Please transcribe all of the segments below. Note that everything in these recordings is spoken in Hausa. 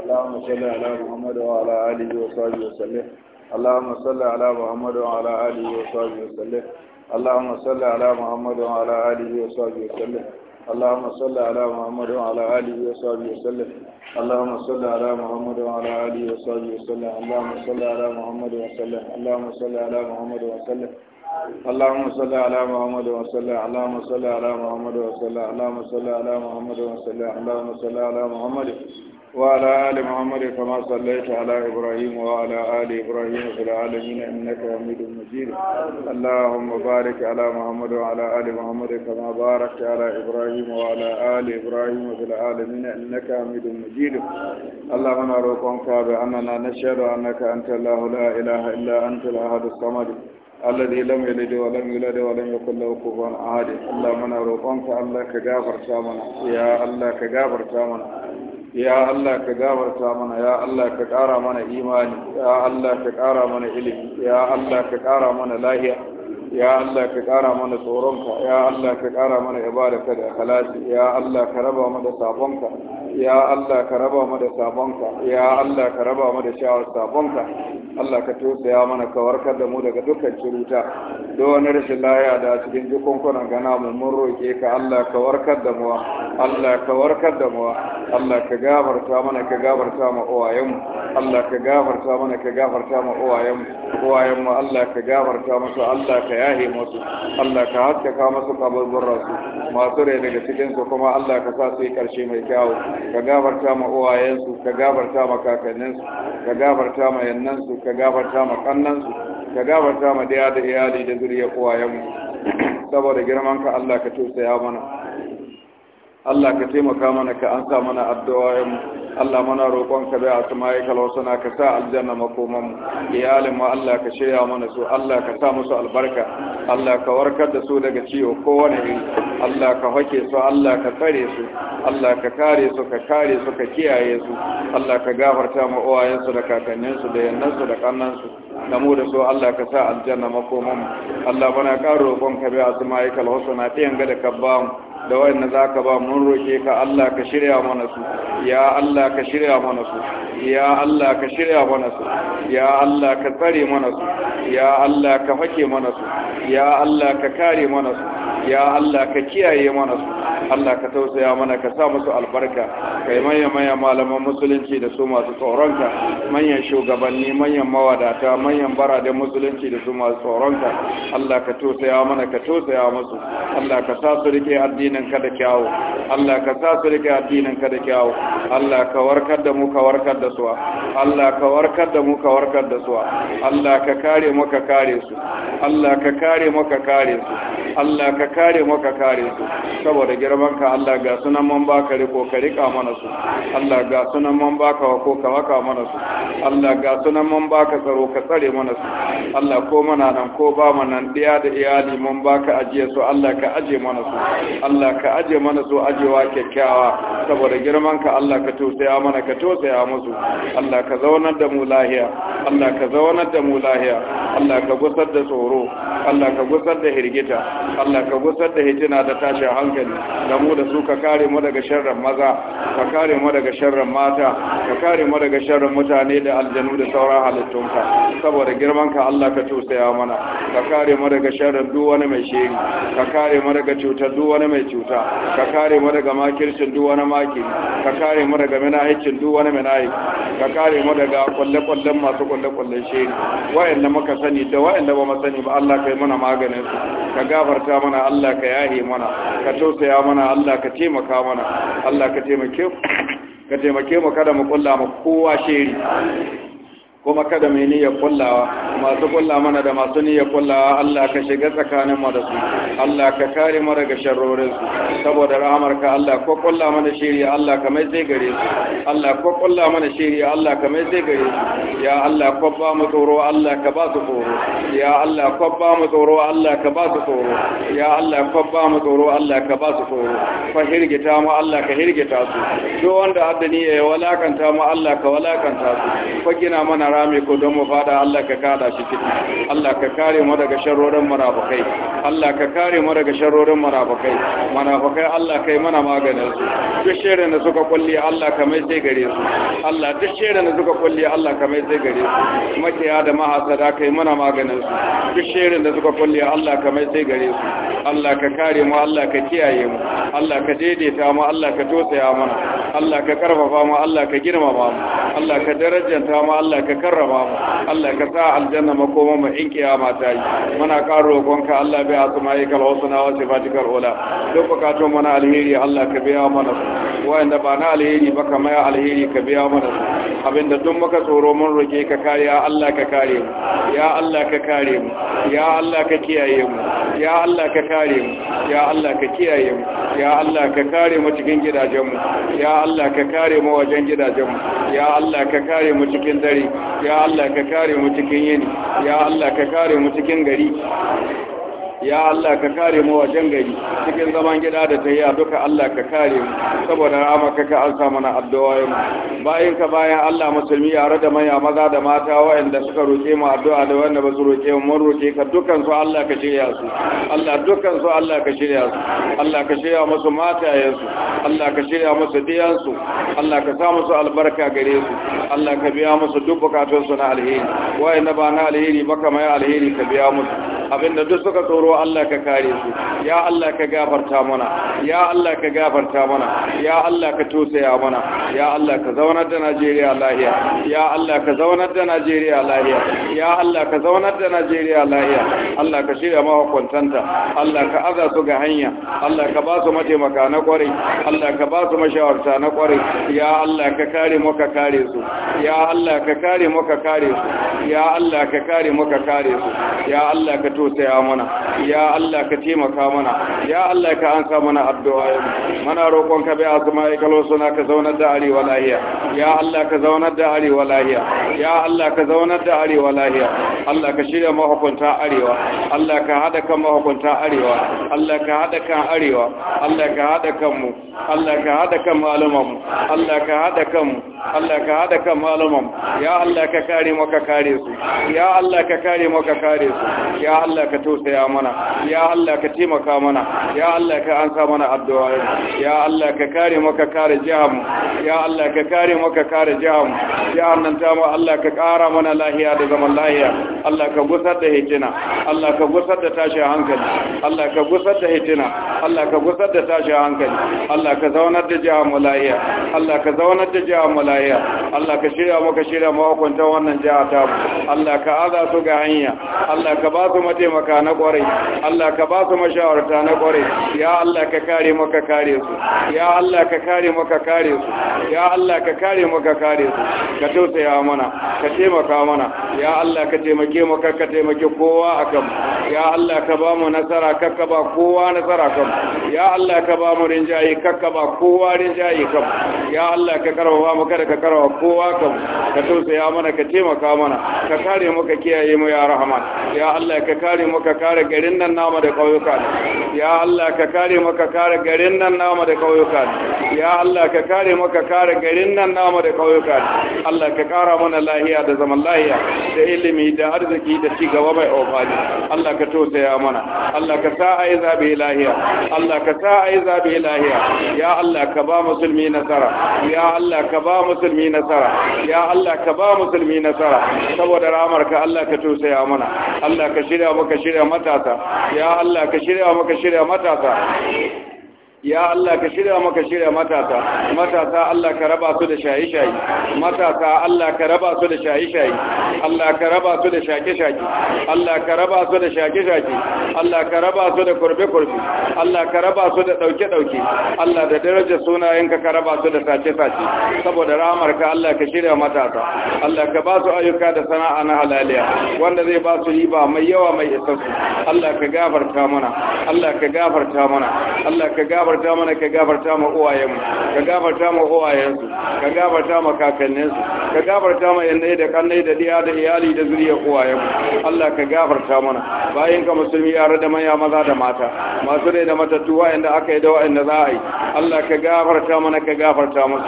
اللهم صل على محمد وعلى آله وصحبه وسلم اللهم صل على محمد وعلى آله وصحبه وسلم اللهم صل على محمد وعلى آله وصحبه وسلم اللهم صل على محمد وعلى آله وصحبه وسلم اللهم صل على محمد وعلى آله وصحبه وسلم اللهم صل على محمد وسلم اللهم صل على محمد وسلم اللهم صل على محمد وسلم اللهم صل على محمد وسلم اللهم صل على محمد وسلم اللهم صل على محمد وسلم وعلى آل محمد كما صليت على إبراهيم وعلى آل إبراهيم في العالمين إنك حميد مجيد اللهم بارك على محمد وعلى آل محمد كما باركت على إبراهيم وعلى آل إبراهيم في العالمين إنك حميد مجيد اللهم نروقك بأننا نشهد أنك أنت الله لا إله إلا أنت الأحد الصمد الذي لم يلد ولم يولد ولم يكن له كفوا أحد اللهم نروقك الله كجافر تامنا يا الله كجافر تامنا ya Allah ka gafarta mana ya Allah ka ƙara mana imani ya Allah ka ƙara mana ilimi ya Allah ka ƙara mana lahiya ya Allah ka ƙara mana tsoronka ya Allah ka ƙara mana ibadarka da halasi ya Allah ka raba mu da sabonka ya Allah ka raba mu da sabonka ya Allah ka raba mu da shawar sabonka Allah ka tausaya mana ka warkar da mu daga dukkan ciruta da wani rashin lahiya da cikin jikunkunan gana mu mun roƙe ka Allah ka warkar da mu Allah ka warkar da mu Allah ka gafarta mana ka gafarta ma uwayen Allah ka gafarta mana ka gafarta ma uwayen uwayen mu Allah ka gafarta musu Allah ka yahe musu Allah ka haskaka musu kaburburan su masu rai daga cikin su kuma Allah ka sa su yi karshe mai kyau ka gafarta ma uwayen su ka gafarta ma kakannin su ka gafarta ma yannan su ka gafarta ma kannan su ka gafarta ma daya da iyali da zuriya uwayen mu saboda girman ka Allah ka tausaya mana Allah ka taimaka mana ka an sa mana addu'o'in Allah mana roƙon ka da asma'i kalwasana ka sa aljanna makoman iyalin mu Allah ka shirya mana su Allah ka sa musu albarka Allah ka warkar da su daga ciwo kowane iri Allah ka hake su Allah ka tsare su Allah ka kare su ka kare su ka kiyaye su Allah ka gafarta ma uwayen su da kakannin su da yannan su da kannan su da mu da su Allah ka sa aljanna makoman Allah bana ƙara roƙon ka da asma'i ka ɗayan ga da ka da wanda za ka ba mun roƙe ka Allah ka shirya mana su ya Allah ka shirya mana su ya Allah ka shirya mana su ya Allah ka tsare mana su ya Allah ka fake mana su ya Allah ka kare mana su ya Allah ka kiyaye mana su Allah ka tausaya mana ka sa musu albarka kai manya manya malaman musulunci da su masu tsoronka manyan shugabanni manyan mawadata manyan baraden musulunci da su masu tsoronka Allah ka tausaya mana ka tausaya musu Allah ka sa su rike addinin ka da kyawu Allah ka sa su rike addinin ka da kyawu Allah ka warkar da mu ka warkar da su Allah ka warkar da mu ka warkar da su Allah ka kare mu ka kare su Allah ka kare mu ka kare su Allah ka kare mu ka kare su saboda girma gabanka Allah ga sunan man baka riko ka rika mana su Allah ga sunan man baka wako ka waka mana su Allah ga sunan man baka tsaro ka tsare mana su Allah ko mana nan ko ba mana nan diya da iyali man baka ajiye su Allah ka aje mana su Allah ka aje mana su ajewa kyakkyawa saboda girman ka Allah ka tausaya mana ka tausaya musu Allah ka zaunar da mu lahiya Allah ka zaunar da mu lahiya Allah ka gusar da tsoro Allah ka gusar da hirgita Allah ka gusar da hitina da tashin hankali da mu da su ka kare mu daga sharrin maza ka kare mu daga sharrin mata ka kare mu daga sharrin mutane da aljanu da sauran ka saboda girman ka Allah ka tausaya mana ka kare mu daga sharrin duk wani mai shiri ka kare mu daga cutar duk wani mai cuta ka kare mu daga makircin duk wani maki ka kare mu daga minahicin duk wani minahi ka kare mu daga kwalle-kwallen masu kwalle-kwallen shiri wayannan maka sani da wa'anda ba mu sani ba Allah kai mana maganin su ka gafarta mana Allah ka yahe mana ka tausaya mana Allah ka taimaka mana Allah ka taimake ka taimake mu kada mu kulla mu kowa shiri kuma kada mai niyyar kullawa masu kulla mana da masu niyyar kullawa Allah ka shiga tsakanin mu da su Allah ka kare mu daga sharrorin su saboda rahmar ka Allah ko kulla mana shiri Allah ka mai sai gare su Allah ko kulla mana shiri Allah ka mai sai gare su ya Allah ko ba mu tsoro Allah ka ba su tsoro ya Allah ko ba mu tsoro Allah ka ba su tsoro ya Allah ko ba mu tsoro Allah ka ba su tsoro fa hirgita mu Allah ka hirgita su duk wanda addini ya walakanta mu Allah ka walakanta su fa gina mana rami ko don mu Allah ka kada shi ciki Allah ka kare mu daga sharorin munafikai Allah ka kare mu daga sharorin munafikai munafikai Allah kai mana maganin su duk shirin da suka kulli Allah ka mai sai gare su Allah duk shirin da suka kulli Allah ka mai sai gare su makiya da mahasada kai mana maganin su duk shirin da suka kulli Allah ka mai sai gare su Allah ka kare mu Allah ka kiyaye mu Allah ka daidaita mu Allah ka tosaya mana Allah ka karfafa mu Allah ka girmama mu Allah ka darajanta mu Allah ka karrama mu Allah ka sa aljanna makoma mu in kiyama ta yi muna karo gonka Allah bai kal husna wa sifatikal ula duk bukatu muna alheri Allah ka biya mana su wa'anda ba na alheri ba kamar alheri ka biya mana su abinda duk muka tsoro mun roke ka kare ya Allah ka kare mu ya Allah ka kare mu ya Allah ka kiyaye mu ya Allah ka kare mu ya Allah ka kiyaye mu ya Allah ka kare mu cikin gidajen mu ya Allah ka kare mu wajen gidajen mu ya Allah ka kare mu cikin dare ya Allah ka kare mu cikin yini ya Allah ka kare mu cikin gari ya Allah ka kare mu wajen gari cikin zaman gida da ta yi a duka Allah ka kare mu saboda ramaka ka alsa mana addu'a mu bayan ka bayan Allah musulmi yare da maya maza da mata waɗanda suka roke mu addu'a da wanda ba su roke mu mun roke ka dukkan su Allah ka shirya su Allah dukkan su Allah ka shirya su Allah ka shirya musu matayen su Allah ka shirya musu diyan su Allah ka sa musu albarka gare su Allah ka biya musu duk bukatun su na alheri waɗanda ba na alheri ba kamar alheri ka biya musu Abin da duk suka tsoro Allah ka kare su ya Allah ka gafarta mana ya Allah ka gafarta mana ya Allah ka tosaya mana ya Allah ka zaunar da Najeriya lahiya ya Allah ka zaunar da Najeriya lahiya ya Allah ka zaunar da Najeriya lahiya Allah ka shirya mahukuntanta Allah ka aza su ga hanya Allah ka ba su mataimaka na kwarai Allah ka ba su mashawarta na kwarai ya Allah ka kare mu ka kare su ya Allah ka kare mu ka kare su ya Allah ka kare mu ka kare su ya Allah ka tausaya mana ya Allah ka taimaka mana ya Allah ka ansa mana addu'a Muna roƙon ka bi asma'ika suna ka zauna da arewa lahiya ya Allah ka zauna da arewa lahiya ya Allah ka zauna da arewa lahiya Allah ka shirya mahukunta arewa Allah ka hada kan mahukunta arewa Allah ka hada kan arewa Allah ka hada kan mu Allah ka hada kan malaman mu. Allah ka hada kan mu Allah ka hada kan malaman mu. ya Allah ka kare mu ka kare su ya Allah ka kare mu ka kare su ya Allah ka tausaya mana ya Allah ka taimaka mana ya Allah ka ansa mana addu'a ya Allah ka kare maka kare jihar ya Allah ka kare maka kare jihar ya jihar nan ta ma Allah ka kara mana lahiya da zaman lahiya Allah ka gusar da hitina Allah ka gusar da tashi hankali Allah ka gusar da hitina Allah ka gusar da tashi hankali Allah ka zaunar da jihar mu lahiya Allah ka zaunar da jihar mu lahiya Allah ka shirya maka shirya mahukunta wannan jihar ta Allah ka aza su ga hanya Allah ka ba su mataimaka na kwarai Allah ka ba su mashawarta na kwarai ya Allah ka kare maka kare su ya Allah ka kare maka kare su ya Allah ka kare maka kare su ka tausaya mana ka taimaka mana ya Allah ka taimake mu ka taimake kowa akan ya Allah ka ba mu nasara kakka ba kowa nasara kan ya Allah ka ba mu rinjaye kakka ba kowa rinjaye kan ya Allah ka karfafa mu kada ka karfafa kowa kan ka tausaya mana ka taimaka mana ka kare mu ka kiyaye mu ya rahman ya Allah ka kare mu kare garin nan namu da ƙauyuka ya Allah ka kare mu kare garin nan nama da ƙauyuka ya Allah ka kare mu kare garin nan nama da ƙauyuka Allah ka kara mana lahiya da zaman lahiya da ilimi da arziki da ci gaba mai ofani Allah ka tausaya mana Allah ka sa ai zabe lahiya Allah ka sa ai zabe lahiya ya Allah ka ba musulmi nasara ya Allah ka ba musulmi nasara ya Allah ka ba musulmi nasara saboda ramarka Allah ka tausaya mana Allah ka shirya maka shirya matasa ya Allah ka shirya maka shirya matasa ya Allah ka shirya maka shirya matasa matasa Allah ka raba su da shaye-shaye matasa Allah ka raba su da shaye-shaye Allah ka raba su da shake-shake Allah ka raba su da shake-shake Allah ka raba su da kurbe-kurbe Allah ka raba su da ɗauke-ɗauke. Allah da daraja sunayenka ka raba su da sace-sace saboda ramar ka Allah ka shirya matasa Allah ka ba su ayyuka da sana'a na halaliya wanda zai ba su riba mai yawa mai isassu Allah ka gafarta mana Allah ka gafarta mana Allah ka gafarta mana ka gafarta ma uwayenmu ka gafarta ma uwayensu ka gafarta ma kakanninsu ka gafarta ma yannai da kannai da diya da iyali da zuriyar uwayen Allah ka gafarta mana bayan ka musulmi ya rada maya maza da mata masu rai da matattu wa'anda aka yi da wa'anda za a yi Allah ka gafarta mana ka gafarta musu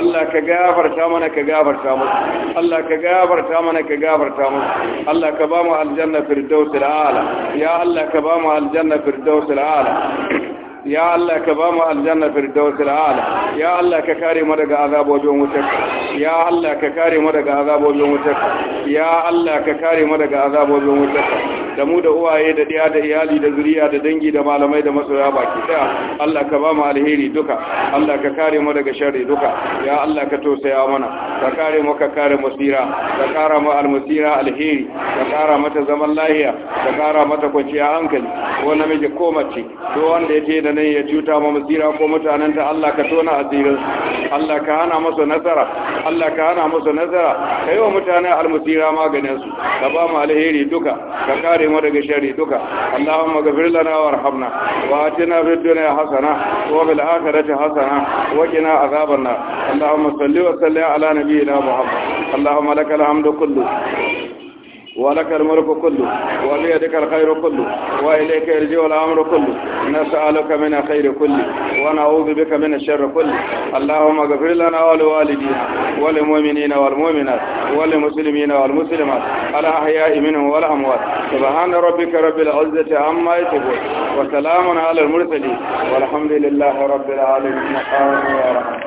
Allah ka gafarta mana ka gafarta musu Allah ka gafarta mana ka gafarta musu Allah ka ba mu aljanna firdaus ala ya Allah ka ba mu aljanna firdaus ala ya Allah ka ba mu aljanna firdausul a'la ya Allah ka kare mu daga azabojin wutarka ya Allah ka kare mu daga azabojin wutarka ya Allah ka kare mu daga azabojin wutarka da mu da uwaye da ɗaya da iyali da zuriya da dangi da malamai da masoya baki daya Allah ka ba mu alheri duka Allah ka kare mu daga sharri duka ya Allah ka tausaya mana ka kare mu ka kare musira ka kara mu almusira alheri ka kara mata zaman lahiya ka kara mata kwanciya hankali ko namiji ko mace ko wanda ya da nan ya cuta mu musira ko mutanen ta Allah ka tona asirin Allah ka hana masa nasara Allah ka hana masa nasara kai wa mutanen almusira maganin su ka ba mu alheri duka ka kare mu daga shari duka Allahumma gafir lana warhamna wa atina fid dunya hasana wa fil akhirati hasana wa qina azabannar Allahumma salli wa sallim ala nabiyyina Muhammad Allahumma lakal hamdu kullu ولك الملك كله وليدك الخير كله وإليك يرجع الأمر كله نسألك من خير كله ونعوذ بك من الشر كله اللهم اغفر لنا ولوالدينا وللمؤمنين والمؤمنات وللمسلمين والمسلمات الأحياء منهم والأموات سبحان ربك رب العزة عما يصفون وسلام على المرسلين والحمد لله رب العالمين آمين